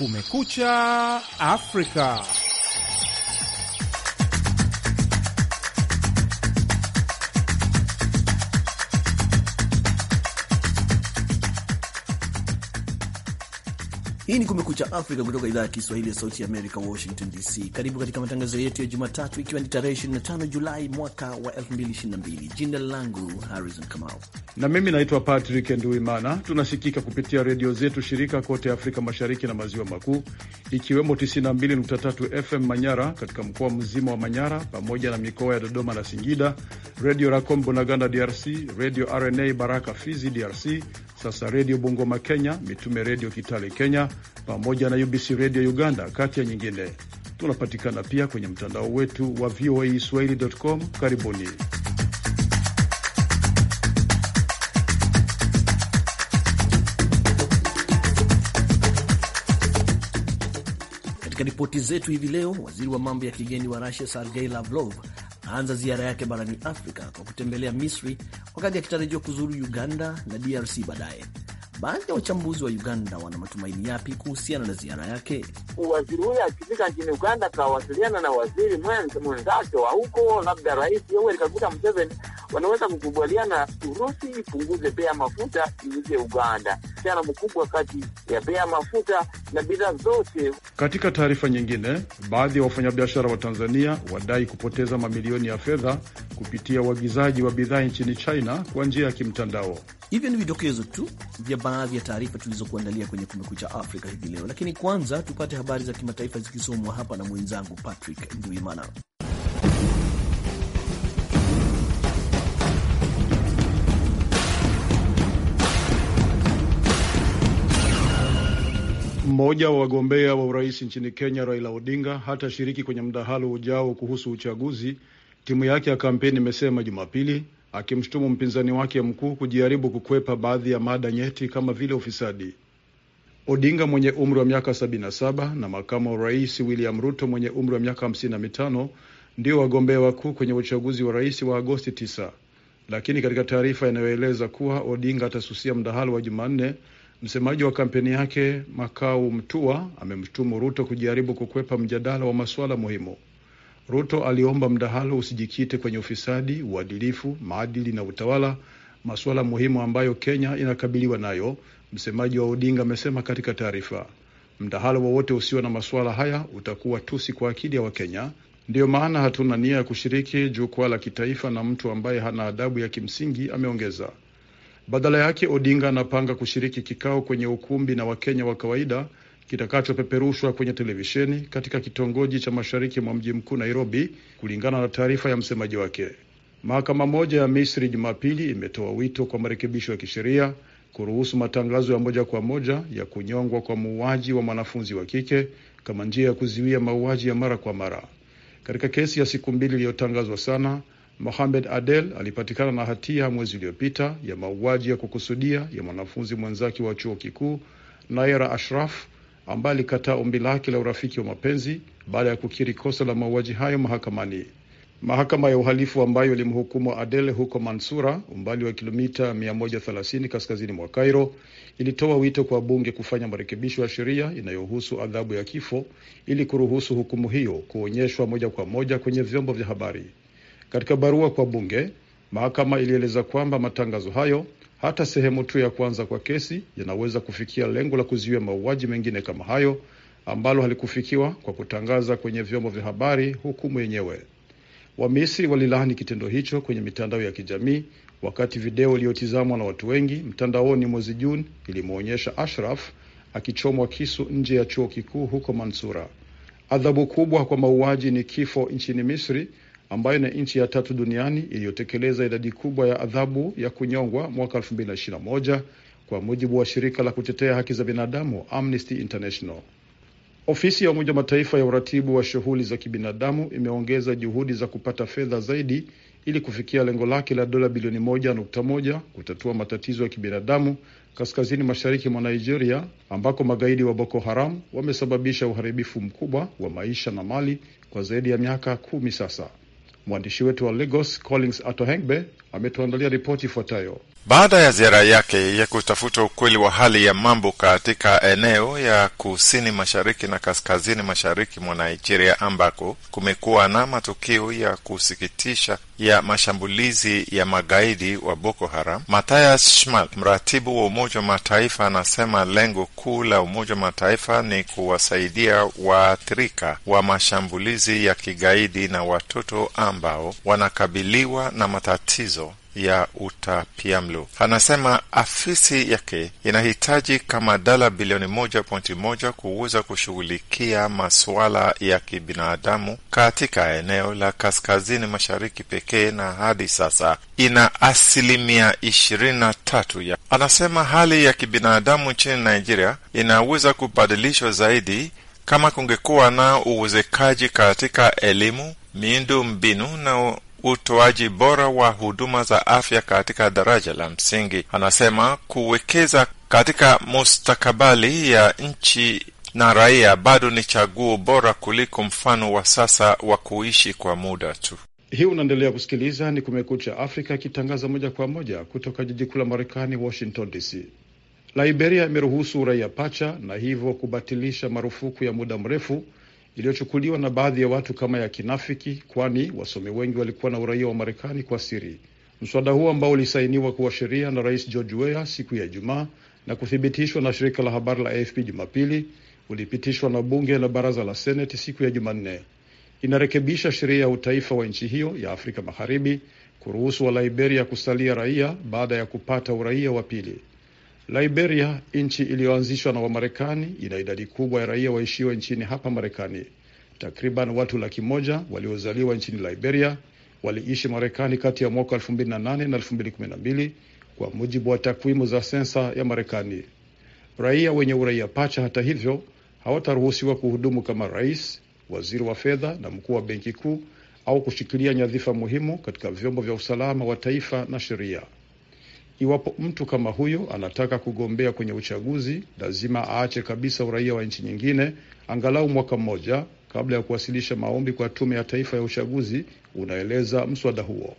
Kumekucha Afrika. Hii ni Kumekucha Afrika kutoka idhaa ya Kiswahili ya Sauti ya Amerika, Washington DC. Karibu katika matangazo yetu ya Jumatatu, ikiwa ni tarehe 25 Julai mwaka wa 2022. Jina langu Harrison Kamau na mimi naitwa Patrick Nduimana. Tunasikika kupitia redio zetu shirika kote Afrika Mashariki na Maziwa Makuu, ikiwemo 92.3 FM Manyara katika mkoa mzima wa Manyara pamoja na mikoa ya Dodoma na Singida, Redio Racom Bunagana DRC, Redio RNA Baraka Fizi DRC, sasa Redio Bungoma Kenya, Mitume Redio Kitale Kenya, pamoja na UBC Redio Uganda, kati ya nyingine. Tunapatikana pia kwenye mtandao wetu wa VOA Swahili.com. Karibuni. Katika ripoti zetu hivi leo, waziri wa mambo ya kigeni wa Rusia Sergei Lavrov aanza ziara yake barani Afrika kwa kutembelea Misri wakati akitarajiwa kuzuru Uganda na DRC baadaye. Baadhi ya wachambuzi wa Uganda wana matumaini yapi kuhusiana na ziara yake? Waziri huyo akifika nchini Uganda akawasiliana na waziri mwenzake wa huko, labda Rais Yoweri Kaguta Museveni wanaweza kukubaliana Urusi ipunguze bei ya mafuta iuze Uganda. Mchana mkubwa kati ya bei ya mafuta na bidhaa zote. Katika taarifa nyingine, baadhi ya wafanyabiashara wa Tanzania wadai kupoteza mamilioni ya fedha kupitia uagizaji wa bidhaa nchini China kwa njia ya kimtandao. Hivyo ni vidokezo tu vya baadhi ya taarifa tulizokuandalia kwenye Kumekucha Afrika hivi leo, lakini kwanza tupate habari za kimataifa zikisomwa hapa na mwenzangu Patrick Nduimana. Mmoja wa wagombea wa urais nchini Kenya, Raila Odinga, hatashiriki kwenye mdahalo ujao kuhusu uchaguzi, timu yake ya kampeni imesema Jumapili, akimshutumu mpinzani wake mkuu kujaribu kukwepa baadhi ya mada nyeti kama vile ufisadi. Odinga mwenye umri wa miaka 77 na makamu wa rais William Ruto mwenye umri wa miaka 55 ndio wagombea wakuu kwenye uchaguzi wa rais wa Agosti 9, lakini katika taarifa inayoeleza kuwa Odinga atasusia mdahalo wa Jumanne Msemaji wa kampeni yake Makau Mtua amemshutumu Ruto kujaribu kukwepa mjadala wa masuala muhimu. Ruto aliomba mdahalo usijikite kwenye ufisadi, uadilifu, maadili na utawala, masuala muhimu ambayo Kenya inakabiliwa nayo, msemaji wa Odinga amesema katika taarifa. Mdahalo wowote usio na masuala haya utakuwa tusi kwa akili ya Wakenya. Ndiyo maana hatuna nia ya kushiriki jukwaa la kitaifa na mtu ambaye hana adabu ya kimsingi, ameongeza. Badala yake Odinga anapanga kushiriki kikao kwenye ukumbi na Wakenya wa kawaida kitakachopeperushwa kwenye televisheni katika kitongoji cha mashariki mwa mji mkuu Nairobi, kulingana na taarifa ya msemaji wake. Mahakama moja ya Misri Jumapili imetoa wito kwa marekebisho ya kisheria kuruhusu matangazo ya moja kwa moja ya kunyongwa kwa muuaji wa mwanafunzi wa kike kama njia ya kuzuia mauaji ya mara kwa mara. Katika kesi ya siku mbili iliyotangazwa sana, Mohamed Adel alipatikana na hatia mwezi uliopita ya mauaji ya kukusudia ya mwanafunzi mwenzake wa chuo kikuu Naira Ashraf ambaye alikataa ombi lake la urafiki wa mapenzi baada ya kukiri kosa la mauaji hayo mahakamani. Mahakama ya uhalifu ambayo ilimhukumu Adel huko Mansura, umbali wa kilomita 130 kaskazini mwa Cairo, ilitoa wito kwa bunge kufanya marekebisho ya sheria inayohusu adhabu ya kifo ili kuruhusu hukumu hiyo kuonyeshwa moja kwa moja kwenye vyombo vya habari. Katika barua kwa bunge, mahakama ilieleza kwamba matangazo hayo, hata sehemu tu ya kwanza kwa kesi, yanaweza kufikia lengo la kuzuia mauaji mengine kama hayo ambalo halikufikiwa kwa kutangaza kwenye vyombo vya habari hukumu yenyewe. Wamisri walilaani kitendo hicho kwenye mitandao ya kijamii wakati video iliyotizamwa na watu wengi mtandaoni mwezi Juni ilimwonyesha Ashraf akichomwa kisu nje ya chuo kikuu huko Mansura. Adhabu kubwa kwa mauaji ni kifo nchini Misri, ambayo ni nchi ya tatu duniani iliyotekeleza idadi kubwa ya adhabu ya kunyongwa mwaka 2021 kwa mujibu wa shirika la kutetea haki za binadamu Amnesty International. Ofisi ya Umoja Mataifa ya uratibu wa shughuli za kibinadamu imeongeza juhudi za kupata fedha zaidi ili kufikia lengo lake la dola bilioni 1.1 kutatua matatizo ya kibinadamu kaskazini mashariki mwa Nigeria ambako magaidi wa Boko Haram wamesababisha uharibifu mkubwa wa maisha na mali kwa zaidi ya miaka kumi sasa. Mwandishi wetu wa Lagos Collins Atohengbe ametuandalia ripoti ifuatayo. Baada ya ziara yake ya kutafuta ukweli wa hali ya mambo katika eneo ya kusini mashariki na kaskazini mashariki mwa Nigeria ambako kumekuwa na matukio ya kusikitisha ya mashambulizi ya magaidi wa Boko Haram, Matthias Schmal, mratibu wa Umoja wa Mataifa, anasema lengo kuu la Umoja wa Mataifa ni kuwasaidia waathirika wa mashambulizi ya kigaidi na watoto ambao wanakabiliwa na matatizo ya utapiamlo. Anasema afisi yake inahitaji kama dola bilioni moja pointi moja kuweza kushughulikia masuala ya kibinadamu katika eneo la kaskazini mashariki pekee, na hadi sasa ina asilimia ishirini na tatu ya. Anasema hali ya kibinadamu nchini Nigeria inaweza kubadilishwa zaidi kama kungekuwa na uwezekaji katika elimu, miundo mbinu na utoaji bora wa huduma za afya katika daraja la msingi. Anasema kuwekeza katika mustakabali ya nchi na raia bado ni chaguo bora kuliko mfano wa sasa wa kuishi kwa muda tu. Hii unaendelea kusikiliza ni Kumekucha Afrika ikitangaza moja kwa moja kutoka jiji kuu la Marekani, Washington DC. Liberia imeruhusu uraia pacha na hivyo kubatilisha marufuku ya muda mrefu iliyochukuliwa na baadhi ya watu kama ya kinafiki, kwani wasomi wengi walikuwa na uraia wa Marekani kwa siri. Mswada huo ambao ulisainiwa kuwa sheria na Rais George Weah siku ya Ijumaa na kuthibitishwa na shirika la habari la AFP Jumapili ulipitishwa na bunge la baraza la Seneti siku ya Jumanne. Inarekebisha sheria ya utaifa wa nchi hiyo ya Afrika Magharibi kuruhusu wa Liberia kusalia raia baada ya kupata uraia wa pili. Liberia, nchi iliyoanzishwa na Wamarekani, ina idadi kubwa ya raia waishiwe nchini hapa Marekani. Takriban watu laki moja waliozaliwa nchini Liberia waliishi Marekani kati ya mwaka 2008 na 2012 kwa mujibu wa takwimu za sensa ya Marekani. Raia wenye uraia pacha, hata hivyo, hawataruhusiwa kuhudumu kama rais, waziri wa fedha na mkuu wa benki kuu au kushikilia nyadhifa muhimu katika vyombo vya usalama wa taifa na sheria. Iwapo mtu kama huyo anataka kugombea kwenye uchaguzi, lazima aache kabisa uraia wa nchi nyingine angalau mwaka mmoja kabla ya kuwasilisha maombi kwa Tume ya Taifa ya Uchaguzi, unaeleza mswada huo.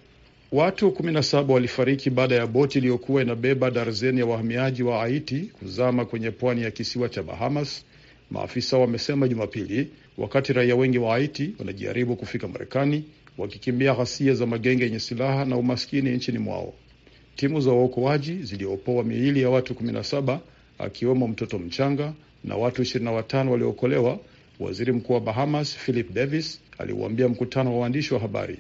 Watu 17 walifariki baada ya boti iliyokuwa inabeba darzeni ya wahamiaji wa Haiti kuzama kwenye pwani ya kisiwa cha Bahamas, maafisa wamesema Jumapili, wakati raia wengi wa Haiti wanajaribu kufika Marekani wakikimbia ghasia za magenge yenye silaha na umaskini nchini mwao. Timu za uokoaji ziliopoa miili ya watu 17 akiwemo mtoto mchanga na watu 25 waliokolewa. Waziri mkuu wa Bahamas Philip Davis aliuambia mkutano wa waandishi wa habari.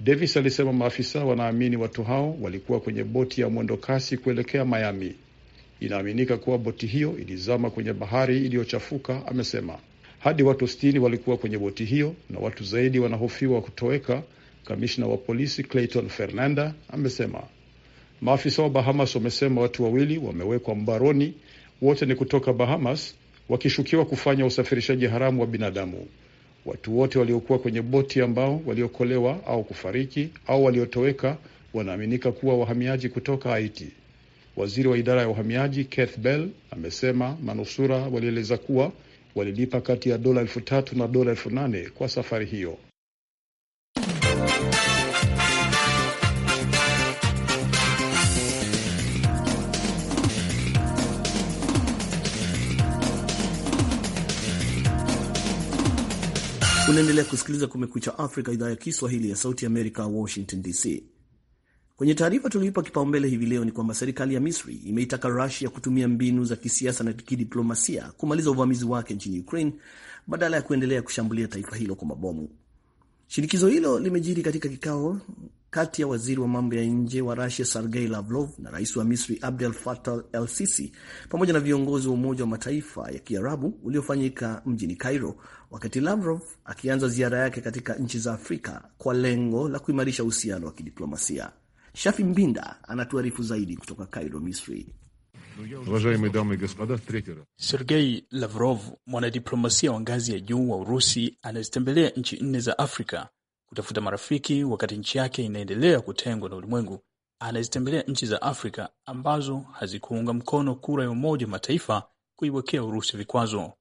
Davis alisema maafisa wanaamini watu hao walikuwa kwenye boti ya mwendo kasi kuelekea Miami. Inaaminika kuwa boti hiyo ilizama kwenye bahari iliyochafuka, amesema. Hadi watu 60 walikuwa kwenye boti hiyo na watu zaidi wanahofiwa kutoweka, kamishna wa polisi Clayton Fernanda amesema. Maafisa wa Bahamas wamesema watu wawili wamewekwa mbaroni, wote ni kutoka Bahamas, wakishukiwa kufanya usafirishaji haramu wa binadamu. Watu wote waliokuwa kwenye boti ambao waliokolewa au kufariki au waliotoweka wanaaminika kuwa wahamiaji kutoka Haiti. Waziri wa idara ya uhamiaji Keith Bell amesema manusura walieleza kuwa walilipa kati ya dola elfu tatu na dola elfu nane kwa safari hiyo. Unaendelea kusikiliza Kumekucha Afrika, idhaa ya Kiswahili ya Sauti Amerika, Washington DC. Kwenye taarifa tuliipa kipaumbele hivi leo ni kwamba serikali ya Misri imeitaka Rusia kutumia mbinu za kisiasa na kidiplomasia kumaliza uvamizi wake nchini Ukraine badala ya kuendelea kushambulia taifa hilo kwa mabomu. Shinikizo hilo limejiri katika kikao kati ya waziri wa mambo ya nje wa Rusia Sergei Lavrov na rais wa Misri Abdel Fattah El Sisi pamoja na viongozi wa Umoja wa Mataifa ya Kiarabu uliofanyika mjini Cairo, wakati Lavrov akianza ziara yake katika nchi za Afrika kwa lengo la kuimarisha uhusiano wa kidiplomasia. Shafi Mbinda anatuarifu zaidi kutoka Cairo, Misri. Sergei Lavrov, mwanadiplomasia wa ngazi ya juu wa Urusi, anazitembelea nchi nne za Afrika kutafuta marafiki wakati nchi yake inaendelea kutengwa na ulimwengu. Anazitembelea nchi za Afrika ambazo hazikuunga mkono kura ya Umoja wa Mataifa kuiwekea Urusi vikwazo.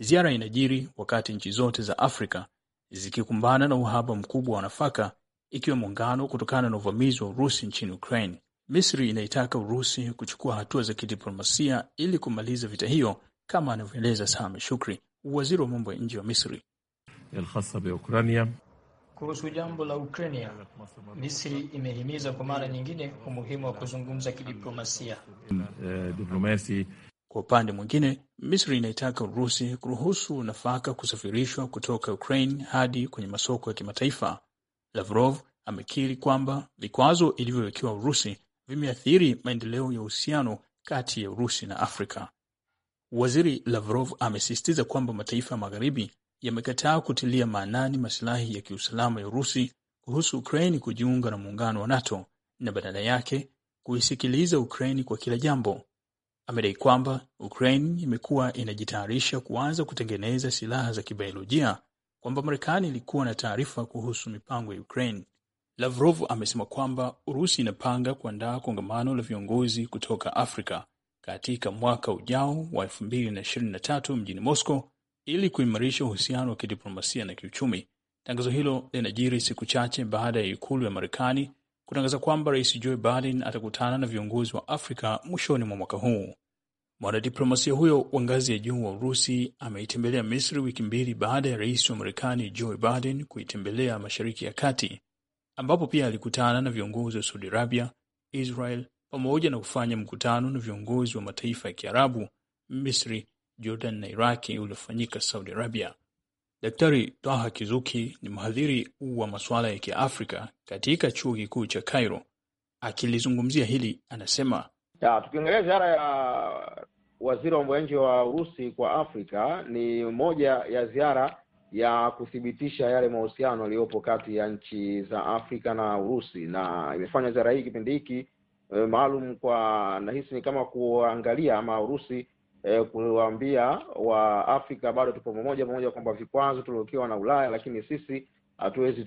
Ziara inajiri wakati nchi zote za Afrika zikikumbana na uhaba mkubwa wa nafaka, ikiwemo ngano kutokana na uvamizi wa Urusi nchini Ukraine. Misri inaitaka Urusi kuchukua hatua za kidiplomasia ili kumaliza vita hiyo, kama anavyoeleza Sami Shukri, waziri wa mambo ya nje wa Misri. Kuhusu jambo la Ukrania, Misri imehimiza kwa mara nyingine umuhimu wa kuzungumza kidiplomasia. Kwa upande mwingine, Misri inaitaka Urusi kuruhusu nafaka kusafirishwa kutoka Ukraine hadi kwenye masoko ya kimataifa. Lavrov amekiri kwamba vikwazo ilivyowekewa Urusi vimeathiri maendeleo ya uhusiano kati ya Urusi na Afrika. Waziri Lavrov amesisitiza kwamba mataifa ya magharibi yamekataa kutilia maanani masilahi ya kiusalama ya Urusi kuhusu Ukraini kujiunga na muungano wa NATO na badala yake kuisikiliza Ukraini kwa kila jambo. Amedai kwamba Ukraini imekuwa inajitayarisha kuanza kutengeneza silaha za kibiolojia, kwamba Marekani ilikuwa na taarifa kuhusu mipango ya Ukraini. Lavrov amesema kwamba Urusi inapanga kuandaa kongamano la viongozi kutoka Afrika katika mwaka ujao wa 2023 mjini Moscow ili kuimarisha uhusiano wa kidiplomasia na kiuchumi. Tangazo hilo linajiri siku chache baada ya ikulu ya Marekani kutangaza kwamba Rais Joe Biden atakutana na viongozi wa Afrika mwishoni mwa mwaka huu. Mwanadiplomasia huyo wa ngazi ya juu wa Urusi ameitembelea Misri wiki mbili baada ya rais wa Marekani Joe Biden kuitembelea Mashariki ya Kati, ambapo pia alikutana na viongozi wa Saudi Arabia, Israel pamoja na kufanya mkutano na viongozi wa mataifa ya Kiarabu, Misri Jordan na Iraki uliofanyika Saudi Arabia. Daktari Taha Kizuki ni mhadhiri wa masuala ya Kiafrika katika Chuo Kikuu cha Cairo. Akilizungumzia hili anasema tukiongelea ziara ya waziri wa mambo ya nje wa Urusi kwa Afrika ni moja ya ziara ya kuthibitisha yale mahusiano yaliyopo kati ya nchi za Afrika na Urusi, na imefanywa ziara hii kipindi hiki eh, maalum kwa nahisi ni kama kuangalia ama Urusi eh, kuwaambia Afrika bado tupo pamoja, pamoja kwamba vikwazo tuliokiwa na Ulaya, lakini sisi hatuwezi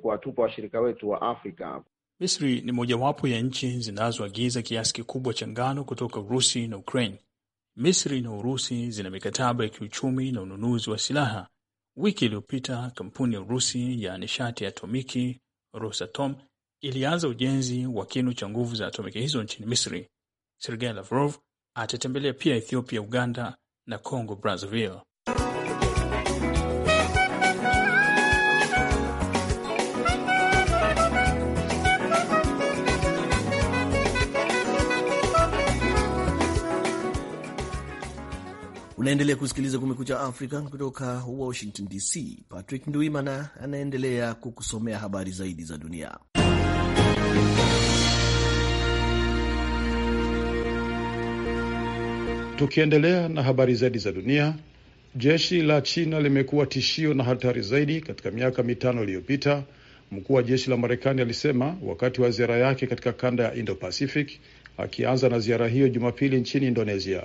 kuwatupa washirika wetu wa Afrika. Misri ni mojawapo ya nchi zinazoagiza kiasi kikubwa cha ngano kutoka Urusi na Ukraine. Misri na Urusi zina mikataba ya kiuchumi na ununuzi wa silaha. Wiki iliyopita kampuni ya Urusi ya nishati ya atomiki Rosatom ilianza ujenzi wa kinu cha nguvu za atomiki hizo nchini Misri. Sergei Lavrov atatembelea pia Ethiopia, Uganda na Congo Brazzaville. Unaendelea kusikiliza Kumekucha Afrika kutoka Washington DC. Patrick Ndwimana anaendelea kukusomea habari zaidi za dunia. Tukiendelea na habari zaidi za dunia, jeshi la China limekuwa tishio na hatari zaidi katika miaka mitano iliyopita, mkuu wa jeshi la Marekani alisema wakati wa ziara yake katika kanda ya Indo Pacific, akianza na ziara hiyo Jumapili nchini Indonesia.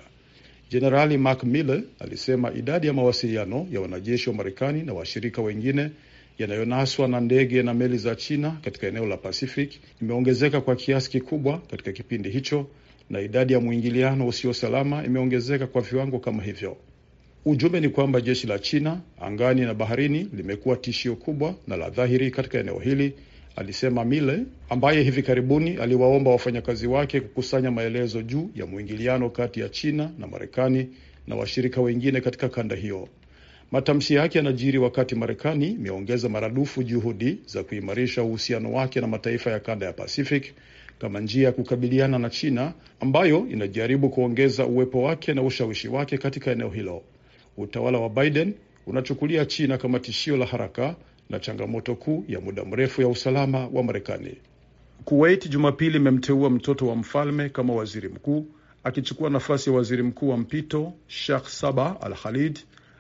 Jenerali Mark Miller alisema idadi ya mawasiliano ya wanajeshi wa Marekani na washirika wengine yanayonaswa na ndege na meli za China katika eneo la Pacific imeongezeka kwa kiasi kikubwa katika kipindi hicho, na idadi ya mwingiliano usio salama imeongezeka kwa viwango kama hivyo. Ujumbe ni kwamba jeshi la China angani na baharini limekuwa tishio kubwa na la dhahiri katika eneo hili, alisema Mile, ambaye hivi karibuni aliwaomba wafanyakazi wake kukusanya maelezo juu ya mwingiliano kati ya China na Marekani na washirika wengine katika kanda hiyo. Matamshi yake yanajiri wakati Marekani imeongeza maradufu juhudi za kuimarisha uhusiano wake na mataifa ya kanda ya Pacific kama njia ya kukabiliana na China ambayo inajaribu kuongeza uwepo wake na ushawishi wake katika eneo hilo. Utawala wa Biden unachukulia China kama tishio la haraka na changamoto kuu ya muda mrefu ya usalama wa Marekani. Kuwait Jumapili imemteua mtoto wa mfalme kama waziri mkuu akichukua nafasi ya waziri mkuu wa mpito Sheikh Sabah Al Khalid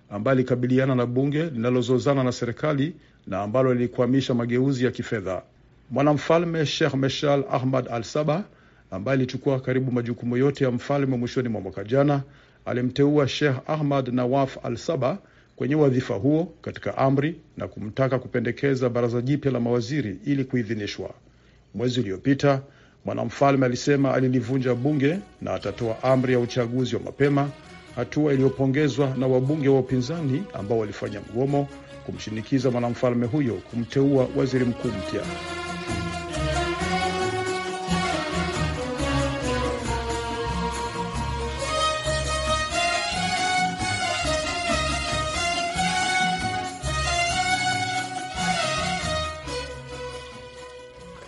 ambaye alikabiliana na bunge linalozozana na serikali na ambalo lilikwamisha mageuzi ya kifedha. Mwanamfalme Sheikh Meshal Ahmad Al Saba ambaye alichukua karibu majukumu yote ya mfalme mwishoni mwa mwaka jana alimteua Sheikh Ahmad Nawaf Al Saba kwenye wadhifa huo katika amri na kumtaka kupendekeza baraza jipya la mawaziri ili kuidhinishwa. Mwezi uliopita mwanamfalme alisema alilivunja bunge na atatoa amri ya uchaguzi wa mapema, hatua iliyopongezwa na wabunge wa upinzani ambao walifanya mgomo kumshinikiza mwanamfalme huyo kumteua waziri mkuu mpya.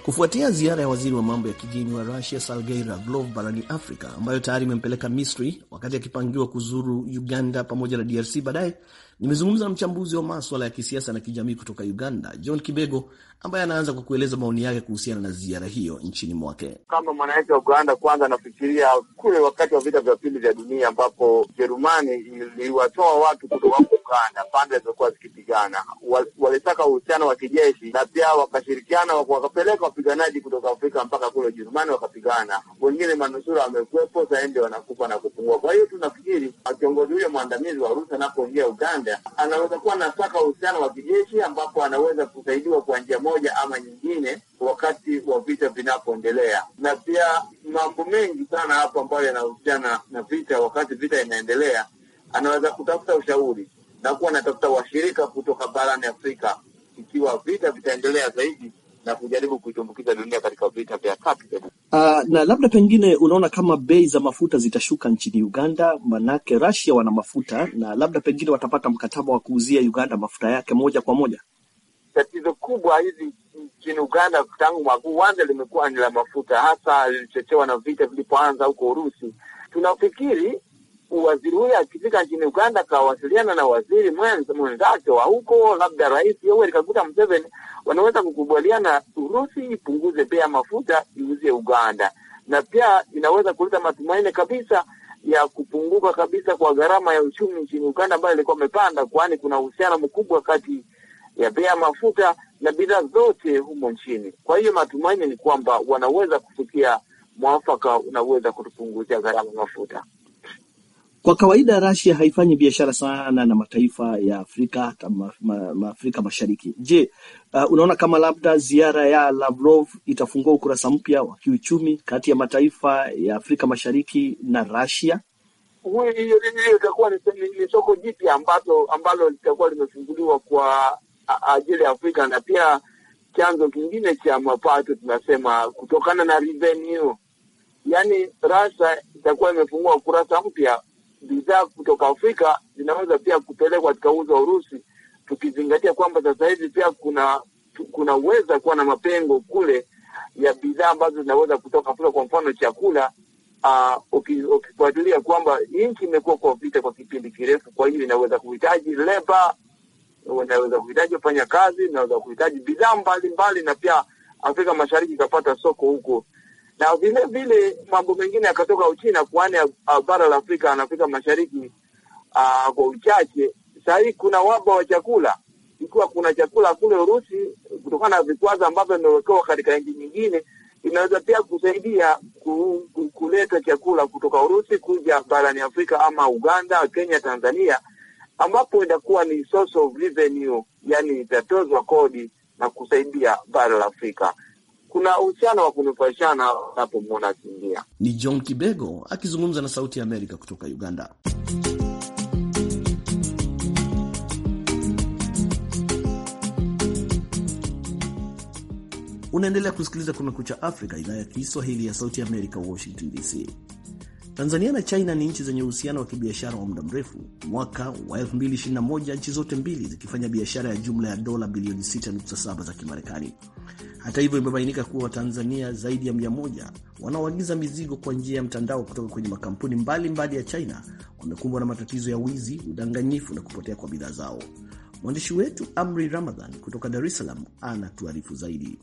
kufuatia ziara ya waziri wa mambo ya kigeni wa Rusia Sergei Lavrov barani Afrika ambayo tayari imempeleka Misri wakati akipangiwa kuzuru Uganda pamoja na DRC baadaye. Nimezungumza na mchambuzi wa maswala ya kisiasa na kijamii kutoka Uganda, John Kibego, ambaye anaanza kwa kueleza maoni yake kuhusiana na ziara hiyo nchini mwake. Kama mwananchi wa Uganda, kwanza anafikiria kule wakati wa vita vya pili vya dunia ambapo Jerumani iliwatoa watu kutoka Uganda, pande zilizokuwa zikipigana. Walitaka uhusiano wa kijeshi na pia wakashirikiana, wakapeleka wapiganaji kutoka Afrika mpaka kule ujerumani wakapigana, wengine manusura wamekuwepo, sasa wanakufa na kupungua. Kwa hiyo tunafikiri kiongozi huyo mwandamizi wa Urusi anapoingia Uganda msaada, anaweza kuwa anataka uhusiano wa kijeshi, ambapo anaweza kusaidiwa kwa njia moja ama nyingine wakati wa vita vinapoendelea, na pia mambo mengi sana hapo ambayo yanahusiana na vita. Wakati vita inaendelea, anaweza kutafuta ushauri na kuwa anatafuta washirika kutoka barani Afrika ikiwa vita vitaendelea zaidi na kujaribu kuitumbukiza dunia katika vita vya tatu. Uh, ah, na labda pengine unaona kama bei za mafuta zitashuka nchini Uganda, manake Russia wana mafuta na labda pengine watapata mkataba wa kuuzia Uganda mafuta yake moja kwa moja. Tatizo kubwa hizi nchini Uganda tangu mwaka uanza limekuwa ni la mafuta, hasa lilichochewa na vita vilipoanza huko Urusi. Tunafikiri waziri huyo akifika nchini Uganda akawasiliana na waziri mwenzake wa huko, labda Rais Yoweri Kaguta Museveni, wanaweza kukubaliana Urusi ipunguze bei ya mafuta iuzie Uganda, na pia inaweza kuleta matumaini kabisa ya kupunguka kabisa kwa gharama ya uchumi nchini Uganda ambayo ilikuwa imepanda, kwani kuna uhusiano mkubwa kati ya bei ya mafuta na bidhaa zote humo nchini. Kwa hiyo matumaini ni kwamba wanaweza kufikia mwafaka unaweza kutupunguzia gharama mafuta. Kwa kawaida Russia haifanyi biashara sana na mataifa ya Afrika ma, Afrika Mashariki. Je, uh, unaona kama labda ziara ya Lavrov itafungua ukurasa mpya wa kiuchumi kati ya mataifa ya Afrika Mashariki na Russia? Hiyo itakuwa ni soko jipya ambalo ambalo litakuwa limefunguliwa kwa ajili ya Afrika na pia chanzo kingine cha mapato tunasema kutokana na revenue. Yaani Russia itakuwa imefungua ukurasa mpya bidhaa kutoka Afrika zinaweza pia kupelekwa katika wa Urusi, tukizingatia kwamba sasa hivi pia kuna kunaweza kuwa na mapengo kule ya bidhaa ambazo zinaweza kutoka Afrika, kwa mfano chakula. Ah, ukifuatilia uh, kwamba nchi imekuwa kwa vita kwa kipindi kirefu, kwa hiyo inaweza kuhitaji leba, inaweza kuhitaji wafanya kazi, inaweza kuhitaji bidhaa mbalimbali, na pia Afrika Mashariki ikapata soko huko na vile vile mambo mengine yakatoka Uchina kwani bara la Afrika na Afrika Mashariki aa, kwa uchache. Sasa hii kuna waba wa chakula, ikiwa kuna chakula kule Urusi kutokana na vikwazo ambavyo vimewekewa katika nchi nyingine, inaweza pia kusaidia ku, ku, kuleta chakula kutoka Urusi kuja barani Afrika ama Uganda, Kenya, Tanzania, ambapo itakuwa ni source of revenue, yani itatozwa kodi na kusaidia bara la Afrika kuna uhusiano wa kunufaishana unapomwona akiingia. Ni John Kibego akizungumza na Sauti ya Amerika kutoka Uganda. Unaendelea kusikiliza Kumekucha Afrika, idhaa ya Kiswahili ya Sauti ya Amerika, Washington DC. Tanzania na China ni nchi zenye uhusiano wa kibiashara wa muda mrefu. Mwaka wa 2021 nchi zote mbili zikifanya biashara ya jumla ya dola bilioni 6.7 za Kimarekani. Hata hivyo, imebainika kuwa Watanzania zaidi ya 100 wanaoagiza mizigo kwa njia ya mtandao kutoka kwenye makampuni mbalimbali mbali ya China wamekumbwa na matatizo ya wizi, udanganyifu na kupotea kwa bidhaa zao. Mwandishi wetu Amri Ramadhan kutoka Dar es Salaam anatuarifu zaidi.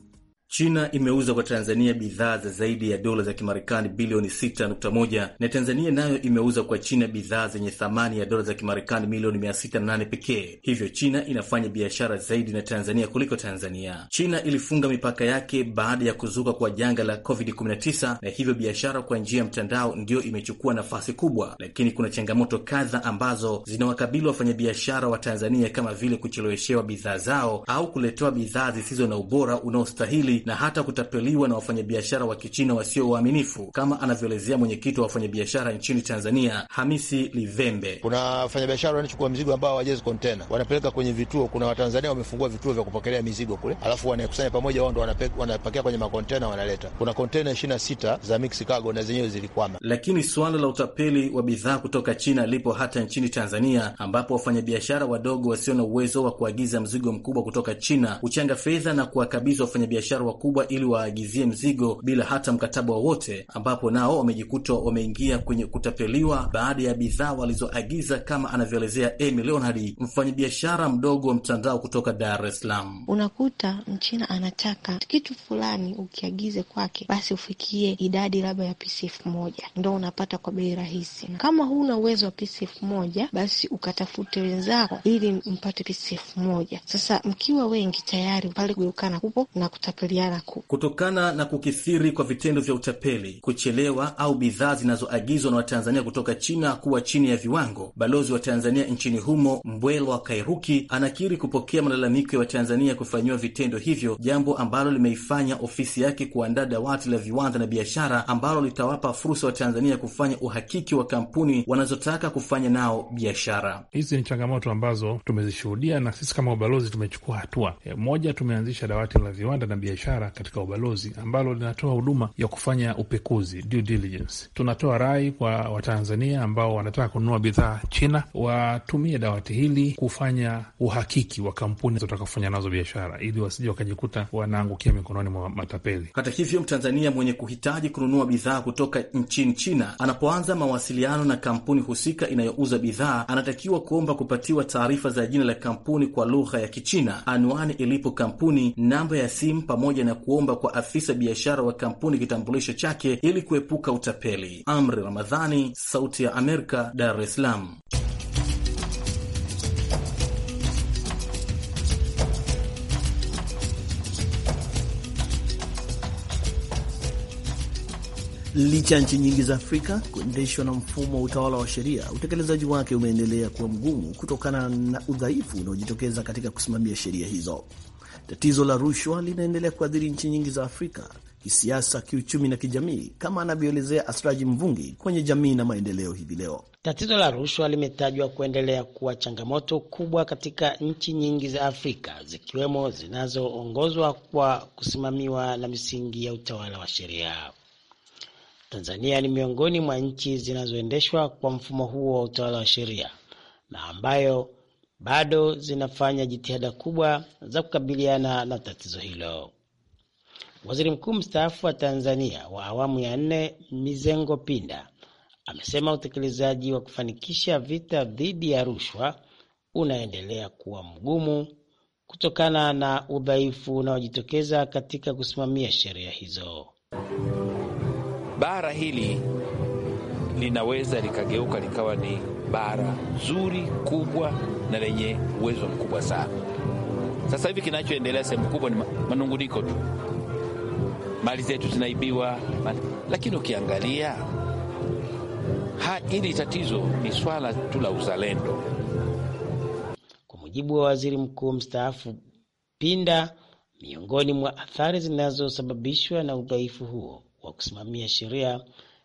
China imeuza kwa Tanzania bidhaa za zaidi ya dola za Kimarekani bilioni 6.1 na Tanzania nayo imeuza kwa China bidhaa zenye thamani ya dola za Kimarekani milioni 608 pekee. Hivyo China inafanya biashara zaidi na Tanzania kuliko Tanzania. China ilifunga mipaka yake baada ya kuzuka kwa janga la COVID-19 na hivyo biashara kwa njia ya mtandao ndiyo imechukua nafasi kubwa, lakini kuna changamoto kadha ambazo zinawakabili wafanyabiashara wa Tanzania kama vile kucheleweshewa bidhaa zao au kuletewa bidhaa zisizo na ubora unaostahili na hata kutapeliwa na wafanyabiashara wa Kichina wasio waaminifu, kama anavyoelezea mwenyekiti wa wafanyabiashara nchini Tanzania, Hamisi Livembe. Kuna wafanyabiashara wanachukua mizigo ambao hawajezi kontena, wanapeleka kwenye vituo. Kuna Watanzania wamefungua vituo vya kupokelea mizigo kule, alafu wanakusanya pamoja, wao ndo wanapakia kwenye makontena wanaleta. Kuna kontena sita za mix cargo na zenyewe zilikwama. Lakini suala la utapeli wa bidhaa kutoka China lipo hata nchini Tanzania, ambapo wafanyabiashara wadogo wasio na uwezo wa kuagiza mzigo mkubwa kutoka China huchanga fedha na kuwakabidhi wafanyabiashara wakubwa ili waagizie mzigo bila hata mkataba wowote, ambapo nao wamejikuta wameingia kwenye kutapeliwa baada ya bidhaa walizoagiza, kama anavyoelezea Emy Leonard, mfanyabiashara mdogo wa mtandao kutoka Dar es Salaam. Unakuta mchina anataka kitu fulani, ukiagize kwake basi ufikie idadi labda ya pisi elfu moja ndo unapata kwa bei rahisi. Kama huna uwezo wa pisi elfu moja basi ukatafute wenzako ili mpate pisi elfu moja. Sasa mkiwa wengi tayari pale geukana kupo na kutapeliwa kuu. Kutokana na kukithiri kwa vitendo vya utapeli, kuchelewa au bidhaa zinazoagizwa na Watanzania kutoka China kuwa chini ya viwango, balozi wa Tanzania nchini humo Mbwelwa Kairuki anakiri kupokea malalamiko ya Watanzania kufanyiwa vitendo hivyo, jambo ambalo limeifanya ofisi yake kuandaa dawati la viwanda na biashara ambalo litawapa fursa Watanzania kufanya uhakiki wa kampuni wanazotaka kufanya nao biashara. Hizi ni changamoto ambazo tumezishuhudia na sisi kama ubalozi tumechukua hatua e, moja, tumeanzisha dawati la viwanda na biashara biashara katika ubalozi ambalo linatoa huduma ya kufanya upekuzi due diligence. Tunatoa rai kwa Watanzania ambao wanataka kununua bidhaa China watumie dawati hili kufanya uhakiki wa kampuni zotaka kufanya nazo biashara ili wasije wakajikuta wanaangukia mikononi mwa matapeli. Hata hivyo, Mtanzania mwenye kuhitaji kununua bidhaa kutoka nchini China anapoanza mawasiliano na kampuni husika inayouza bidhaa anatakiwa kuomba kupatiwa taarifa za jina la kampuni kwa lugha ya Kichina, anwani ilipo kampuni, namba ya simu pamoja pamoja na kuomba kwa afisa biashara wa kampuni kitambulisho chake ili kuepuka utapeli. Amri Ramadhani, Sauti ya Amerika, Dar es Salaam. Licha nchi nyingi za Afrika kuendeshwa na mfumo wa utawala wa sheria, utekelezaji wake umeendelea kuwa mgumu kutokana na udhaifu unaojitokeza katika kusimamia sheria hizo. Tatizo la rushwa linaendelea kuathiri nchi nyingi za Afrika kisiasa, kiuchumi na kijamii, kama anavyoelezea Asraji Mvungi kwenye Jamii na Maendeleo hivi leo. Tatizo la rushwa limetajwa kuendelea kuwa changamoto kubwa katika nchi nyingi za Afrika, zikiwemo zinazoongozwa kwa kusimamiwa na misingi ya utawala wa sheria. Tanzania ni miongoni mwa nchi zinazoendeshwa kwa mfumo huo wa utawala wa sheria na ambayo bado zinafanya jitihada kubwa za kukabiliana na tatizo hilo. Waziri Mkuu mstaafu wa Tanzania wa awamu ya nne Mizengo Pinda amesema utekelezaji wa kufanikisha vita dhidi ya rushwa unaendelea kuwa mgumu kutokana na udhaifu unaojitokeza katika kusimamia sheria hizo. Bara hili linaweza likageuka likawa ni bara zuri kubwa na lenye uwezo mkubwa sana. Sasa hivi kinachoendelea sehemu kubwa ni manunguniko tu, mali zetu zinaibiwa, lakini ukiangalia hili tatizo ni swala tu la uzalendo. Kwa mujibu wa waziri mkuu mstaafu Pinda, miongoni mwa athari zinazosababishwa na udhaifu huo wa kusimamia sheria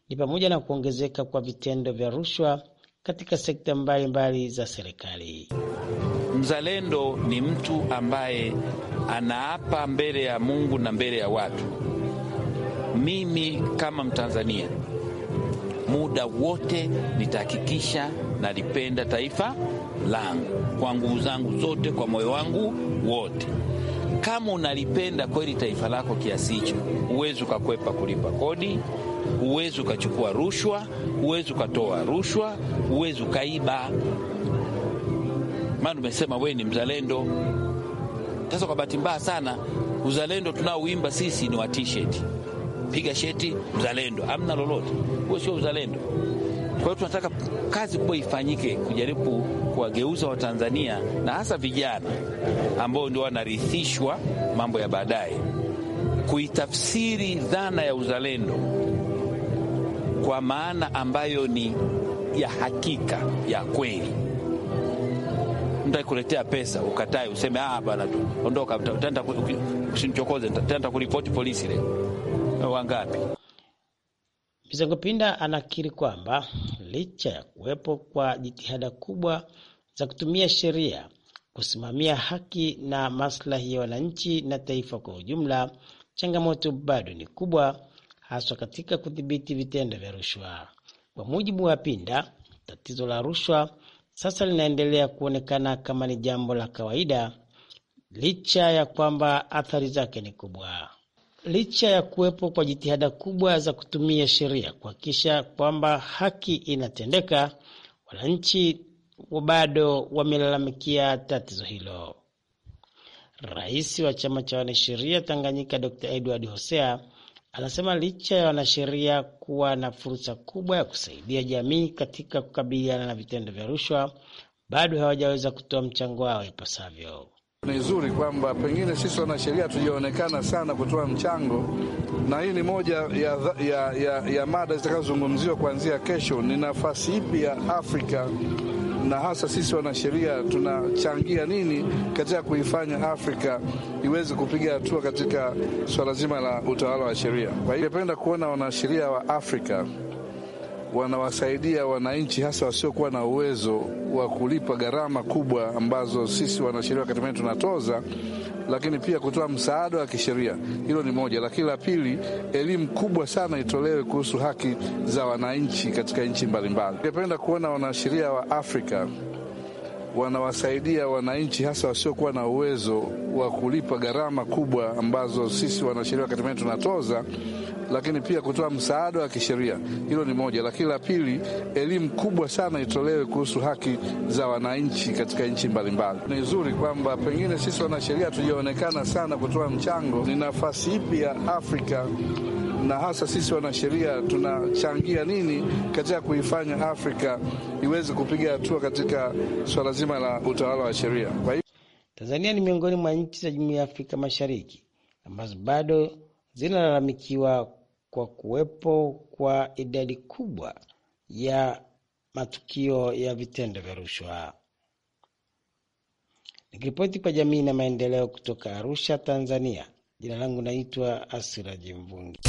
ni pamoja na kuongezeka kwa vitendo vya rushwa katika sekta mbalimbali za serikali. Mzalendo ni mtu ambaye anaapa mbele ya Mungu na mbele ya watu. Mimi kama Mtanzania muda wote nitahakikisha nalipenda taifa langu kwa nguvu zangu zote, kwa moyo wangu wote. Kama unalipenda kweli taifa lako kiasi hicho, huwezi ukakwepa kulipa kodi, huwezi ukachukua rushwa, huwezi ukatoa rushwa, huwezi ukaiba, maana umesema wewe ni mzalendo. Sasa kwa bahati mbaya sana, uzalendo tunaoimba sisi ni wa t-shirt, piga sheti mzalendo, amna lolote, huo sio uzalendo. Kwa hiyo tunataka kazi kubwa ifanyike kujaribu kuwageuza Watanzania na hasa vijana ambao ndio wanarithishwa mambo ya baadaye, kuitafsiri dhana ya uzalendo kwa maana ambayo ni ya hakika ya kweli. Mtu akikuletea pesa ukatae, useme ah, bana tu ondoka, usinichokoze, tenda kuripoti polisi leo. Wangapi? Mizengo Pinda anakiri kwamba licha ya kuwepo kwa jitihada kubwa za kutumia sheria kusimamia haki na maslahi ya wananchi na taifa kwa ujumla, changamoto bado ni kubwa, haswa katika kudhibiti vitendo vya rushwa. Kwa mujibu wa Pinda, tatizo la rushwa sasa linaendelea kuonekana kama ni jambo la kawaida licha ya kwamba athari zake ni kubwa licha ya kuwepo kwa jitihada kubwa za kutumia sheria kuhakikisha kwamba haki inatendeka, wananchi bado wamelalamikia tatizo hilo. Rais wa chama cha wanasheria Tanganyika, Dr Edward Hosea, anasema licha ya wanasheria kuwa na fursa kubwa ya kusaidia jamii katika kukabiliana na vitendo vya rushwa, bado hawajaweza kutoa mchango wao ipasavyo. Ni nzuri kwamba pengine sisi wanasheria tujaonekana sana kutoa mchango, na hii ni moja ya, ya, ya, ya mada zitakazozungumziwa kuanzia kesho, ni nafasi ipi ya Afrika na hasa sisi wanasheria tunachangia nini katika kuifanya Afrika iweze kupiga hatua katika swala zima la utawala wa sheria. Kwa hiyo kuona wanasheria wa Afrika wanawasaidia wananchi hasa wasiokuwa na uwezo wa kulipa gharama kubwa ambazo sisi wanasheria wakati mwingine tunatoza, lakini pia kutoa msaada wa kisheria. Hilo ni moja, lakini la pili, elimu kubwa sana itolewe kuhusu haki za wananchi katika nchi mbalimbali. Ningependa kuona wanasheria wa Afrika wanawasaidia wananchi hasa wasiokuwa na uwezo wa kulipa gharama kubwa ambazo sisi wanasheria wakati mwingine tunatoza, lakini pia kutoa msaada wa kisheria. Hilo ni moja, lakini la pili, elimu kubwa sana itolewe kuhusu haki za wananchi katika nchi mbalimbali. Ni zuri kwamba pengine sisi wanasheria tujaonekana sana kutoa mchango, ni nafasi ipi ya Afrika na hasa sisi wanasheria tunachangia nini katika kuifanya Afrika iweze kupiga hatua katika swala zima la utawala wa sheria. Kwa hiyo Tanzania ni miongoni mwa nchi za Jumuiya ya Afrika Mashariki ambazo bado zinalalamikiwa kwa kuwepo kwa idadi kubwa ya matukio ya vitendo vya rushwa. Nikiripoti kwa jamii na maendeleo kutoka Arusha, Tanzania. Jina langu naitwa Asira Jimvungi.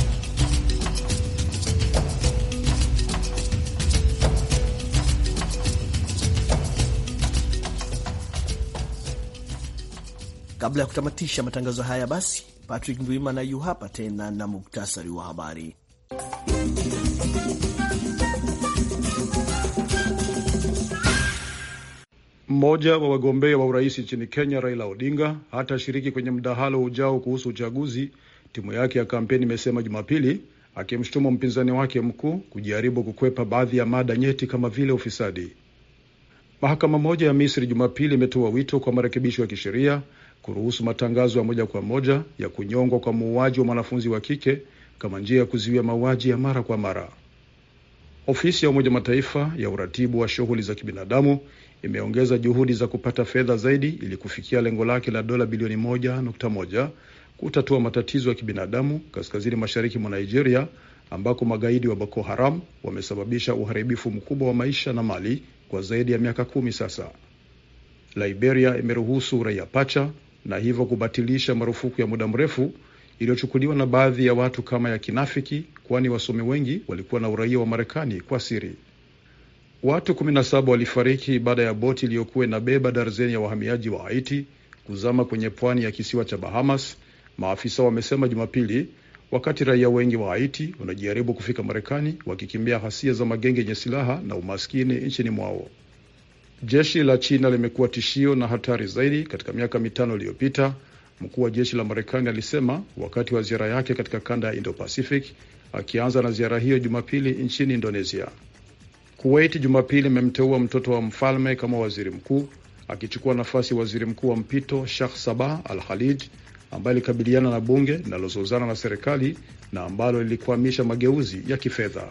Kabla ya kutamatisha matangazo haya, basi Patrick Ndwimana yu hapa tena na muktasari wa habari. Mmoja wa wagombea wa urais nchini Kenya, Raila Odinga, hatashiriki kwenye mdahalo ujao kuhusu uchaguzi, timu yake ya kampeni imesema Jumapili, akimshutumu mpinzani wake mkuu kujaribu kukwepa baadhi ya mada nyeti kama vile ufisadi. Mahakama moja ya Misri Jumapili imetoa wito kwa marekebisho ya kisheria kuruhusu matangazo ya moja kwa moja ya kunyongwa kwa muuaji wa mwanafunzi wa kike kama njia ya kuzuia mauaji ya mara kwa mara. Ofisi ya Umoja Mataifa ya uratibu wa shughuli za kibinadamu imeongeza juhudi za kupata fedha zaidi ili kufikia lengo lake la dola bilioni moja nukta moja kutatua matatizo ya kibinadamu kaskazini mashariki mwa Nigeria ambako magaidi wa Boko Haram wamesababisha uharibifu mkubwa wa maisha na mali kwa zaidi ya miaka kumi sasa. Liberia imeruhusu raia pacha na hivyo kubatilisha marufuku ya muda mrefu iliyochukuliwa na baadhi ya watu kama ya kinafiki, kwani wasomi wengi walikuwa na uraia wa Marekani kwa siri. Watu 17 walifariki baada ya boti iliyokuwa inabeba darzeni ya wahamiaji wa Haiti kuzama kwenye pwani ya kisiwa cha Bahamas maafisa wamesema Jumapili, wakati raia wengi wa Haiti wanajaribu kufika Marekani wakikimbia ghasia za magenge yenye silaha na umaskini nchini mwao. Jeshi la China limekuwa tishio na hatari zaidi katika miaka mitano iliyopita, mkuu wa jeshi la Marekani alisema wakati wa ziara yake katika kanda ya Indo-Pacific, akianza na ziara hiyo Jumapili nchini Indonesia. Kuwait Jumapili imemteua mtoto wa mfalme kama waziri mkuu, akichukua nafasi waziri mkuu wa mpito shah Sabah Al Khalid ambayo ilikabiliana na bunge linalozozana na serikali na ambalo lilikwamisha mageuzi ya kifedha.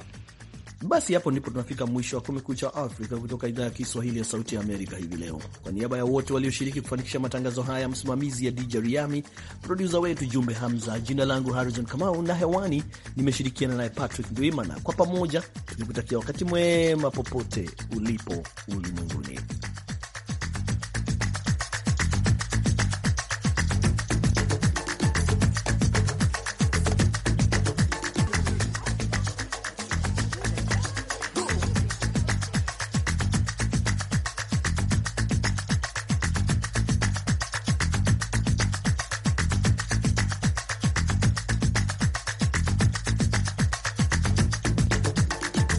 Basi hapo ndipo tunafika mwisho wa Kumekucha Afrika kutoka idhaa ya Kiswahili ya Sauti ya Amerika hivi leo. Kwa niaba ya wote walioshiriki kufanikisha matangazo haya, msimamizi ya DJ Riami, produsa wetu Jumbe Hamza, jina langu Harrison Kamau na hewani nimeshirikiana naye Patrick Ndwimana. Kwa pamoja tukikutakia wakati mwema popote ulipo ulimwenguni.